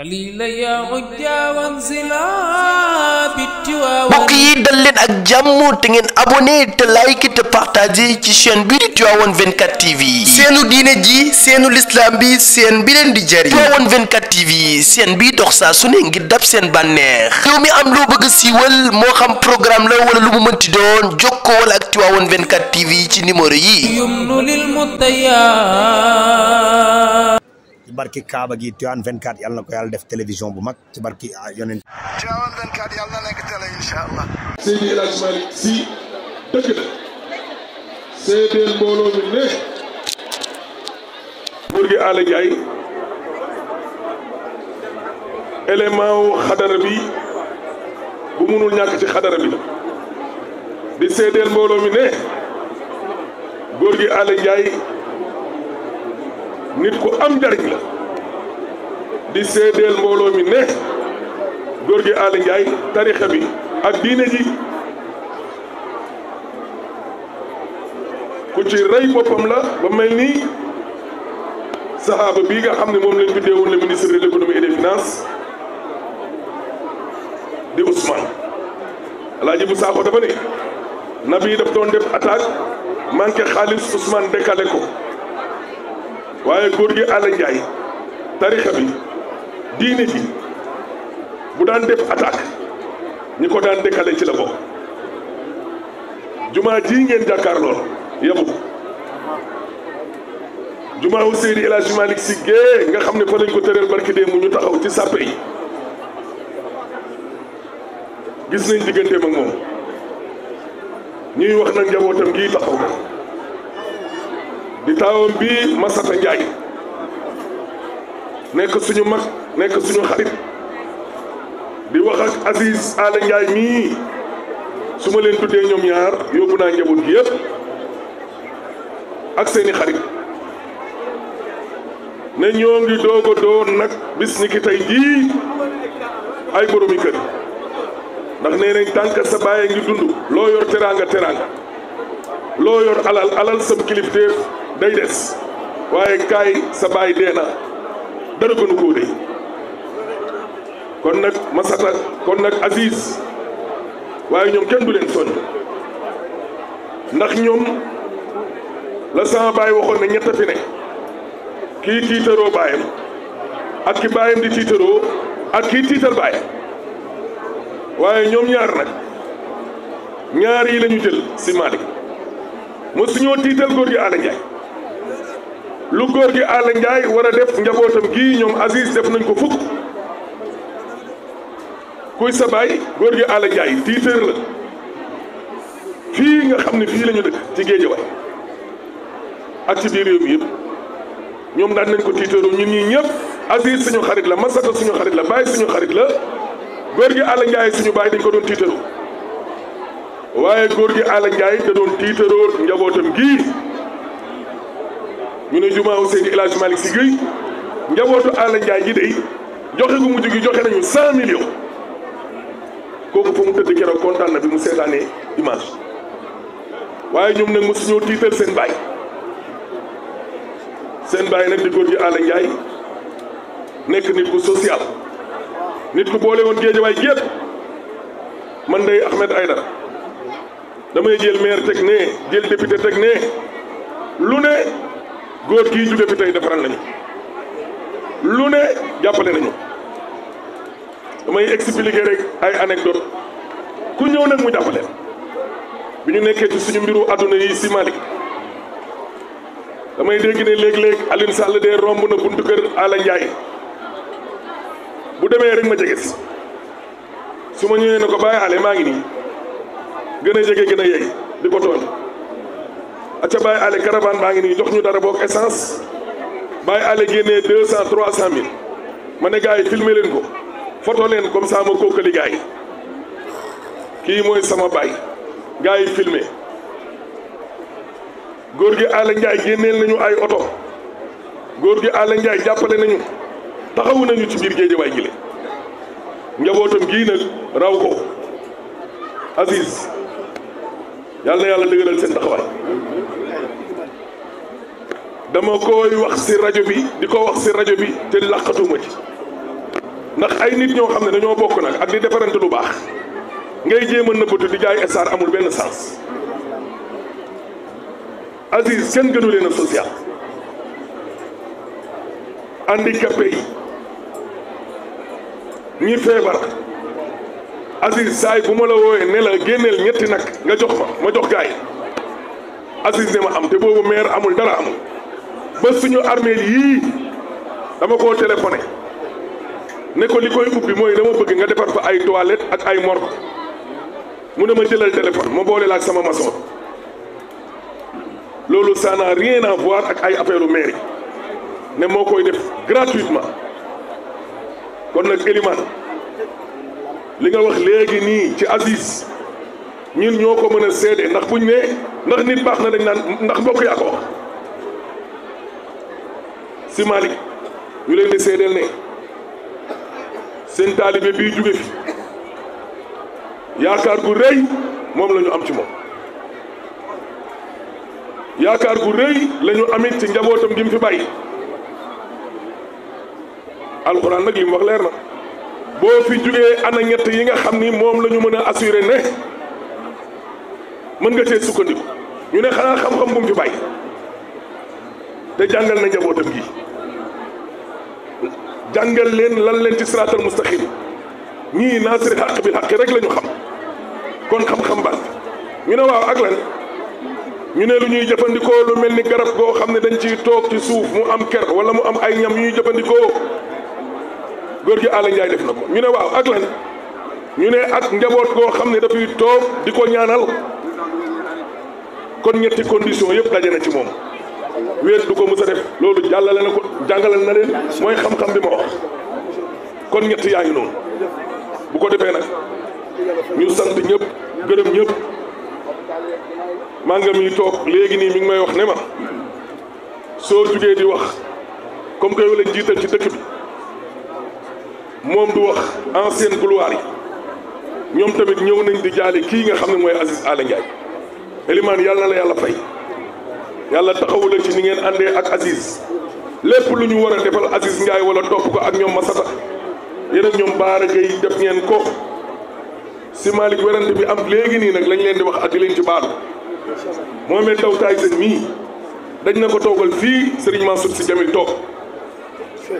mbokk yi dal leen ak jàmm te ngeen abonné te like te partagé ci chaîne bi di Tivaouane 24 TV seenu diine ji seenu lislaam bi seen bi leen di jëriñ Tivaouane 24 TV seen bi dox saa su ngir dab seen bànneex xew mi am loo bëgg siiwal moo xam programme la wala lu mu mënti doon jokkoo wala ak Tivaouane 24 ci numéro yi ci barki Kaaba gi Tivaouane 24 na ko yàlla def télévision bu mag ci barki ah, yonent Tivaouane 24 na nekk télé incha allah. Seydi El Hadji Malick Sy dëkk la mbooloo mi ne buur gi Alla Ndiaye xadara bi bu munul ñàkk xadara bi di seedeel mbooloo mi ne góor gi Alla nit ku am njariñ la di seedeel mbooloo mi ne góor gi Aly Ndiaye tarixa bi ak diine ji ku ci rey boppam la ba mel ni saxaaba bii nga xam ne moom lañ tuddee woon le ministre de l'économie et des di Ousmane Alaaji bu saako dafa ne nabi daf doon def attaque manqué xaalis Ousmane décalé ko waaye góor gi Alla Ndiaye tarixa bi diine ji bu daan def attaque ñi ko daan dekkale ci la bokk jumaa ji ngeen jàkkaarloo yebu jumaa wu Seydi El si Malick nga xam ne fa lañ ko tëral barki dee mu ñu taxaw ci sàppe yi gis nañ digganteem ak moom ñuy wax nag njabootam gii taxaw na di taawam bii Massata Ndiaye nekk suñu mag nekk suñu xarit di wax ak Aziz Ala mii su ma leen tuddee ñoom ñaar yóbbu naa njaboot gi ak seeni xarit ne ñoo ngi doog a doon nag bis ni ki tey jii ay boromi kër ndax nee nañ tànk sa baay a ngi dund loo yor teraanga teraanga loo yor alal alal sam kilifteef day des waaye kaay sa baay dee na dara ko koo dee kon nag Masata kon nag Aziz waaye ñoom kenn du leen soññ ndax ñoom la saa baay waxoon ne ñett fi ne kii tiitaroo baayam ak ki baayam di tiitaroo ak kii tiitar baayam waaye ñoom ñaar nag ñaar yi lañu jël si Malick mosu ñoo tiital góor gi Alla Ndiaye lu góor gi Alla Ndiaye war a def njabootam gi ñoom Aziz def nañ ko fukk kuy sa baay góor gi Alla Ndiaye tiitër la fii nga xam ne fii la ñu dëkk ci wa ak ci biir réew mi yëpp ñoom daan nañ ko tiitëru ñu ñii ñëpp Aziz suñu xarit la Masata suñu xarit la Baye suñu xarit la góor gi Alla Ndiaye suñu baay dañ ko doon tiitëru waaye góor gi Alla Ndiaye da doon tiitëroo njabootam gii ñu ne jumaa wu Seydi El Hadji Malick Sy Guèye njabootu Alla ji day joxe gu mujj gi joxe nañu cent millions kooku fa mu tëdd keroog kontaan na bi mu seetaanee image waaye ñoom nag mosu ñoo tiital seen baay seen baay nag di góor gi Alla Ndiaye nekk nit ku social nit ku boole woon géejawaay gépp man day Ahmed Aidara damay jël maire teg ne jël député teg ne lu ne góor kii jóge fi tey defaral nañu lu ne jàppale nañu damay expliquer rek ay anecdote ku ñëw nag mu jàppale bi ñu nekkee ci suñu mbiru àdduna yi si Malick damay dégg ne léeg-léeg Alioune Sall de romb na buntu kër Alla Ndiaye bu demee rek ma jege su ma ñëwee ne ko bàyyi ale maa nii gën a jege gën a yegg di ko aca Baye Allé caravane baa ngi nii jox ñu dara boog essence Baye Allé génnee deux cent trois ma ne gars yi filmer leen ko photo leen comme ça ma kookali yi kii mooy sama baay gars yi filmer góor gi Allé Ndiaye génneel nañu ay oto góor gi Allé Ndiaye jàppale nañu taxawu nañu ci biir géejawaay gi le njabootam gii raw ko Aziz yàlla na yàlla dëgëral seen taxawaay dama koy wax ci rajo bi di ko wax ci rajo bi te làqatuma ci ndax ay nit ñoo xam ne dañoo bokk nag ak di defarante lu baax ngay jéem a nëbbatu di jaay star amul benn sens Aziz kenn gënu leen a social handicapé yi ñi feebar Aziz saay bu ma la wooyee ne la génneel ñetti nag nga jox ma ma jox gaay Aziz ne ma am te boobu maire amul dara amul ba suñu armeel yii dama ko téléphoné ne ko li koy ubbi mooy dama bëgg nga defar fa ay toilette ak ay morgue mu ne ma jëlal téléphone ma booleel ak sama maçon loolu ça n'a rien à ak ay affaire u ne moo koy def gratuitement kon nag Elimane li nga wax léegi nii ci Aziz ñun ñoo ko mën a seede ndax buñ ne ndax nit baax na dañ naan ndax mbokk yaa si Malick ñu leen di seedeel ne seen taalibe bii jóge fi yaakaar gu rëy moom la ñu am ci moom yaakaar gu rëy la amit ci njabootam gi mu fi bàyyi alxuraan nag li wax leer na boo fi jógee ana ñett yi nga xam ni moom lañu mën a assuré ne mën nga cee sukkandiku ñu ne xanaa xam-xam bu mu fi bàyyi te jàngal na njabootam gi jàngal leen lan leen ci siraatal mustaqim ñii naasiri xaq bi xaq rek lañu xam kon xam-xam baax ñu ne waaw ak lan ñu ne lu ñuy jëfandikoo lu mel ni garab goo xam ne dañ ciy toog ci suuf mu am ker wala mu am ay ñam ñuy jëfandikoo góor gi Alla def na ko ñu ne waaw ak lan ñu ne ak njaboot goo xam ne dafay toog di ko ñaanal kon ñetti condition yëpp daje na ci moom wéet du ko mës a def loolu jàllale na ko jàngalal na leen mooy xam-xam bi ma wax kon ñett yaa ngi noonu bu ko defee nag ñu sant ñëpp gërëm ñëpp màngam yi toog léegi nii mi ngi may wax ne ma soo jugee di wax comme que yow lañ jiital ci dëkk bi moom du wax ancienne gloire yi ñoom tamit ñëw nañ di jaale kii nga xam ne mooy Aziz Aly Ndiaye Elimane yàlla na la yàlla fay yàlla taxawu la ci ni ngeen àndee ak Aziz lépp lu ñu war a defal Aziz Ndiaye wala topp ko ak ñoom ma yéen ak ñoom Baara Gueye def ngeen ko si Malick werante bi am léegi nii nag lañ leen di wax ak di leen ci baalu Mohamed Daw Taay seen mii dañ na ko toogal fii Serigne Mansour si Jamil toog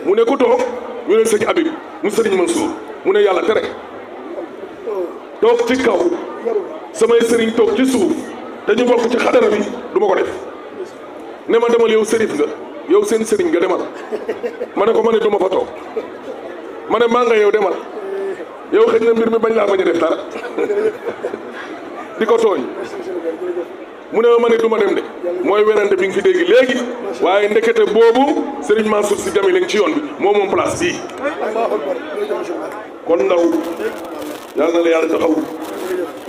mu ne ku toog ñu ne sëñ Habib mu Serigne Mansour mu ne yàlla tere toog ci kaw samay sëriñ toog ci suuf te ñu bokk ci xadara bi du ma ko def ne ma demal yow sëriñ nga yow seen sëriñ nga demal ma ne ko ma ne duma fa toog ma ne maa nga yow demal yow xëy na mbir mi bañ laa bañ a def di ko tooñ mu ne ma ne du ma dem de mooy werante bi nga fi dégg léegi waaye ndekete boobu Serigne si Sy Djamil ci yoon bi moo moom place bii kon ndaw yàlla na la yàlla taxaw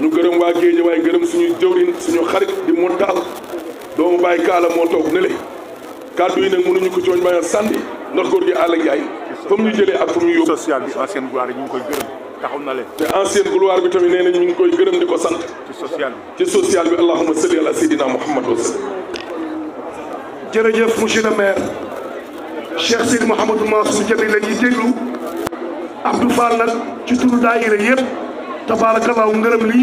ñu gërëm waa géej waaye gërëm suñu jëwriñ suñu xarit di montaal doomu bàyyi kaala moo toog ne le kàddu yi nag mënuñu ko cooñ bañ a sànni ndax góor gi àll ak yaay fa mu jëlee ak fa mu yóbbu social bi ancienne gloire yi ñu koy gërëm taxaw na leen te ancienne gloire bi tamit nee na ñu ngi koy gërëm di ko sant ci social bi ci social bi allahuma salli ala sayyidina muhammad was jërëjëf monsieur le maire Cheikh Sidi Mouhamadou Mansour Diaby la ñuy déglu Abdou Fall nag ci turu daayira yëpp tabaarakallaahu ngërëm lii